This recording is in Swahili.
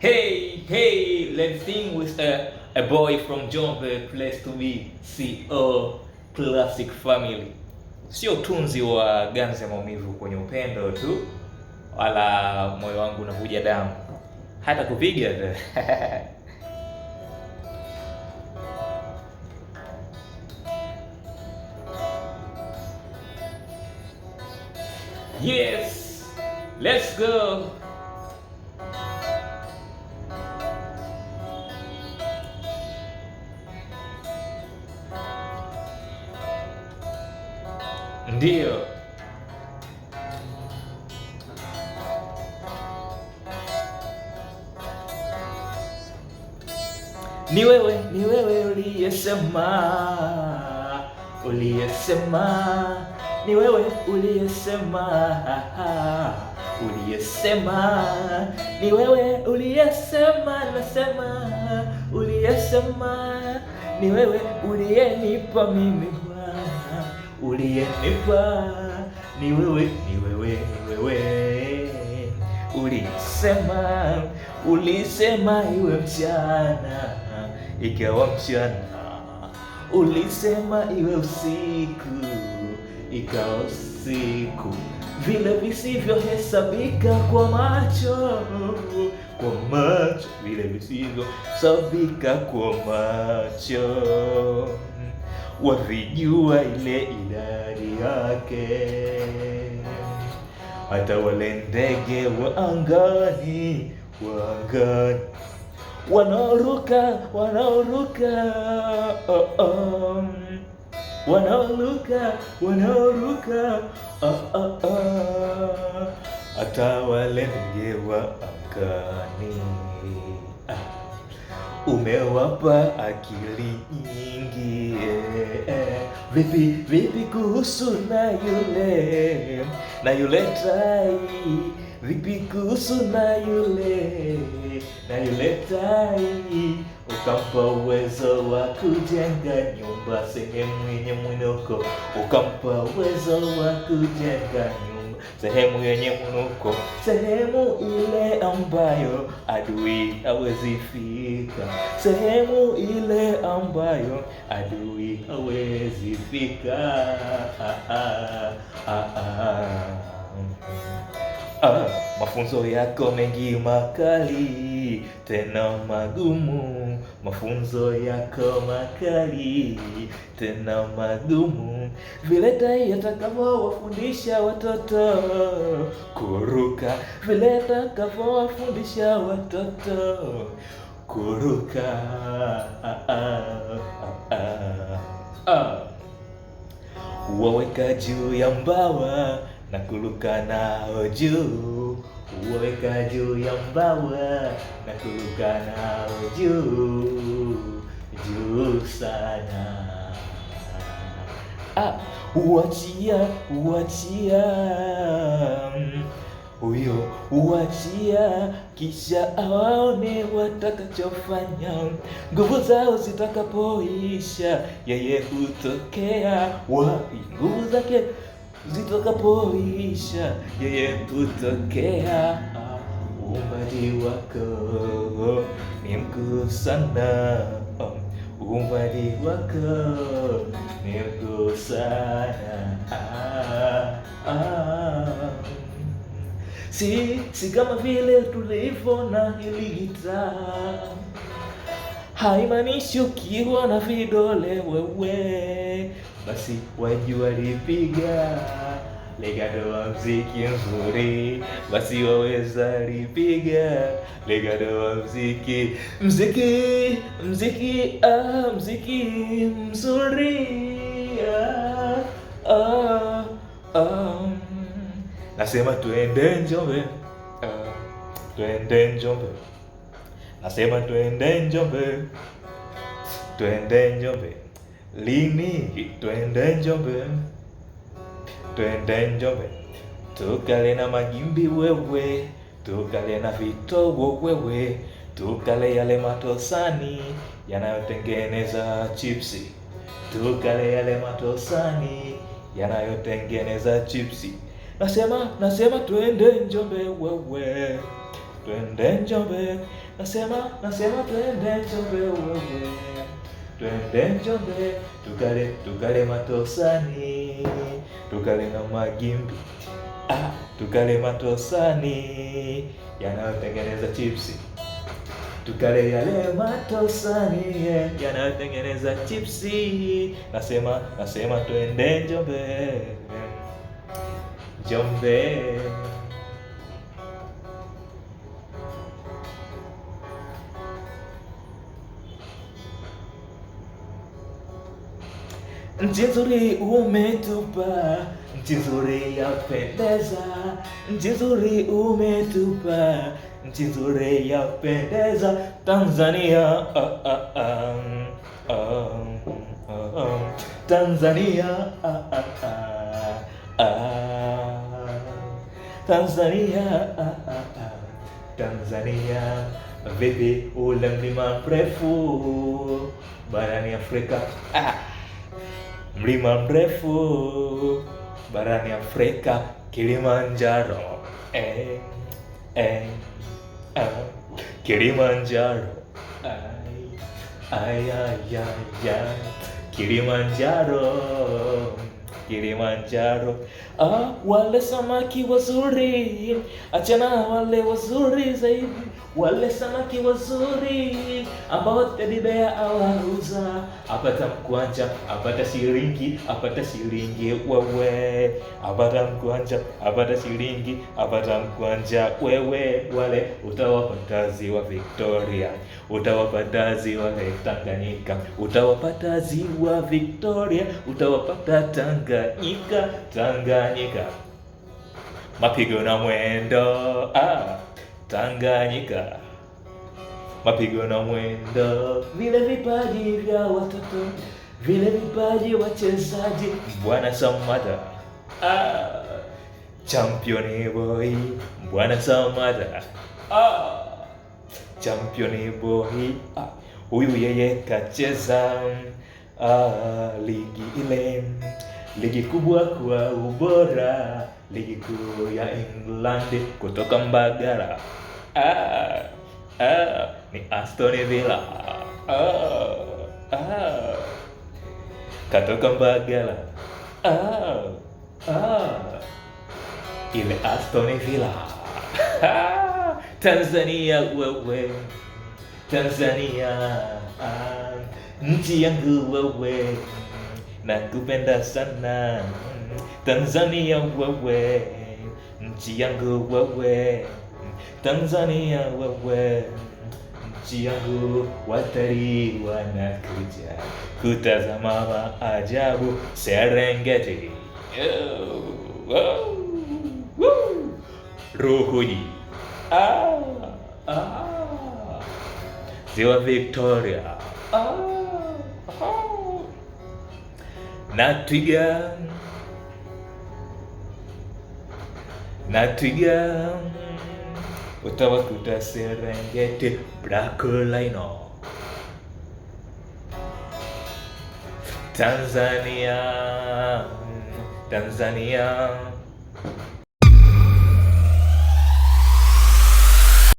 Hey, hey, let's sing with a, a boy from John the place to be CO Classic Family. Sio tunzi wa ganze maumivu kwenye upendo tu, wala moyo wangu unavuja damu hata kupiga tu Yes, let's go. Ndiyo. Ni wewe, ni wewe uliyesema, uliyesema, ni wewe uliyesema, uliyesema, ni wewe uliyesema, nasema uliyesema, ni wewe uliyenipa mimi uliyenipa ni wewe, ni wewe, ni wewe. Ulisema, ulisema iwe mchana, ikawa mchana. Ulisema iwe usiku, ikawa usiku. Vile visivyohesabika kwa macho, kwa macho, vile visivyohesabika kwa macho wavijua ile idadi yake, hata wale ndege wa angani wangani wanaoruka wanaoruka oh, oh. wanaoruka wanaoruka oh, oh, oh. hata wale ndege wa angani umewapa akili nyingi Vipi vipi kuhusu na yule na yule tai, vipi kuhusu na yule na yule tai, ukampa uwezo wa kujenga nyumba sehemu yenye mwinuko, ukampa uwezo wa kujenga nyumba sehemu yenye mnuko, sehemu ile ambayo adui hawezi fika, sehemu ile ambayo adui hawezi fika. ah, ah, ah, ah. Ah, mafunzo yako mengi makali tena magumu, mafunzo yako makali tena magumu vile tai atakavyowafundisha watoto kuruka, vile atakavyowafundisha watoto kuruka. ah, ah, ah, ah. Waweka juu ya mbawa na kuruka nao juu, waweka juu ya mbawa na kuruka nao juu juu sana uachia uachia huyo uachia, kisha awaone watakachofanya. Nguvu zao zitakapoisha, yeye hutokea wapi? Nguvu zake zitakapoisha, yeye hutokea. Umati wako ni mkuu sana. Umwali wako ah, ah. Si, si kama vile tulivyo na hili gitaa ukiwa na vidole wewe basi wajua lipiga Legado mziki mzuri, basi waweza lipiga. Legado mziki mziki mziki ah, mziki mzuri ah, ah, ah. Nasema tuende Njombe ah, tuende Njombe. Nasema tuende Njombe, tuende Njombe lini? Tuende Njombe twende Njombe tukale na majimbi wewe, tukale na vitogo wewe, tukale yale matosani yanayotengeneza chipsi, tukale yale matosani yanayotengeneza chipsi. Nasema nasema twende Njombe wewe, twende Njombe. Nasema nasema twende Njombe wewe, twende Njombe tukale tukale matosani tukalima magimbi ah, tukalima tosani yanayotengeneza chipsi tukale yale matosani yanayotengeneza chipsi. Nasema nasema, twende Njombe, Njombe. Nchi nzuri umetupa, nchi nzuri ya pendeza, nchi nzuri umetupa, nchi nzuri ya pendeza, Tanzania Tanzania Tanzania Tanzania vipi ule mlima mrefu barani Afrika ah. Mlima mrefu barani Afrika Kilimanjaro eh eh eh Kilimanjaro ay ay ay ay Kilimanjaro Kilimanjaro. Ah, wale samaki wazuri, achana wale wazuri zaidi, wale samaki wazuri ambao Tedibea awauza, apata mkwanja, apata shilingi, apata shilingi wewe, apata mkwanja, apata shilingi, apata mkwanja wewe, wale utawapata ziwa Victoria, utawapata ziwa Tanganyika, utawapata ziwa Victoria, utawapata Tanga Tanganyika, Tanganyika, mapigo na mwendo ah, Tanganyika, mapigo na mwendo, vile vipaji vya watoto, vile vipaji wachezaji, Mbwana Samata ah, champion boy, Mbwana Samata ah, champion boy ah, yeye kacheza ah, ligi ile Ligi kubwa kwa ubora, ligi kuu ya England kutoka Mbagala. Ah, ah, ni Aston Villa. Ah, ah, katoka Mbagala. Ah, ah, ile Aston Villa. Ah, Tanzania wewe, Tanzania ah, nchi yangu wewe nakupenda sana Tanzania wewe, nchi yangu wewe, Tanzania wewe, nchi yangu. Watalii wanakuja kutazama maajabu Serengeti. Oh, oh, oh. Ruhuni ah, ah. Ziwa Victoria ah na twiga na twiga utawakuta Serengeti Brakolino Tanzania Tanzania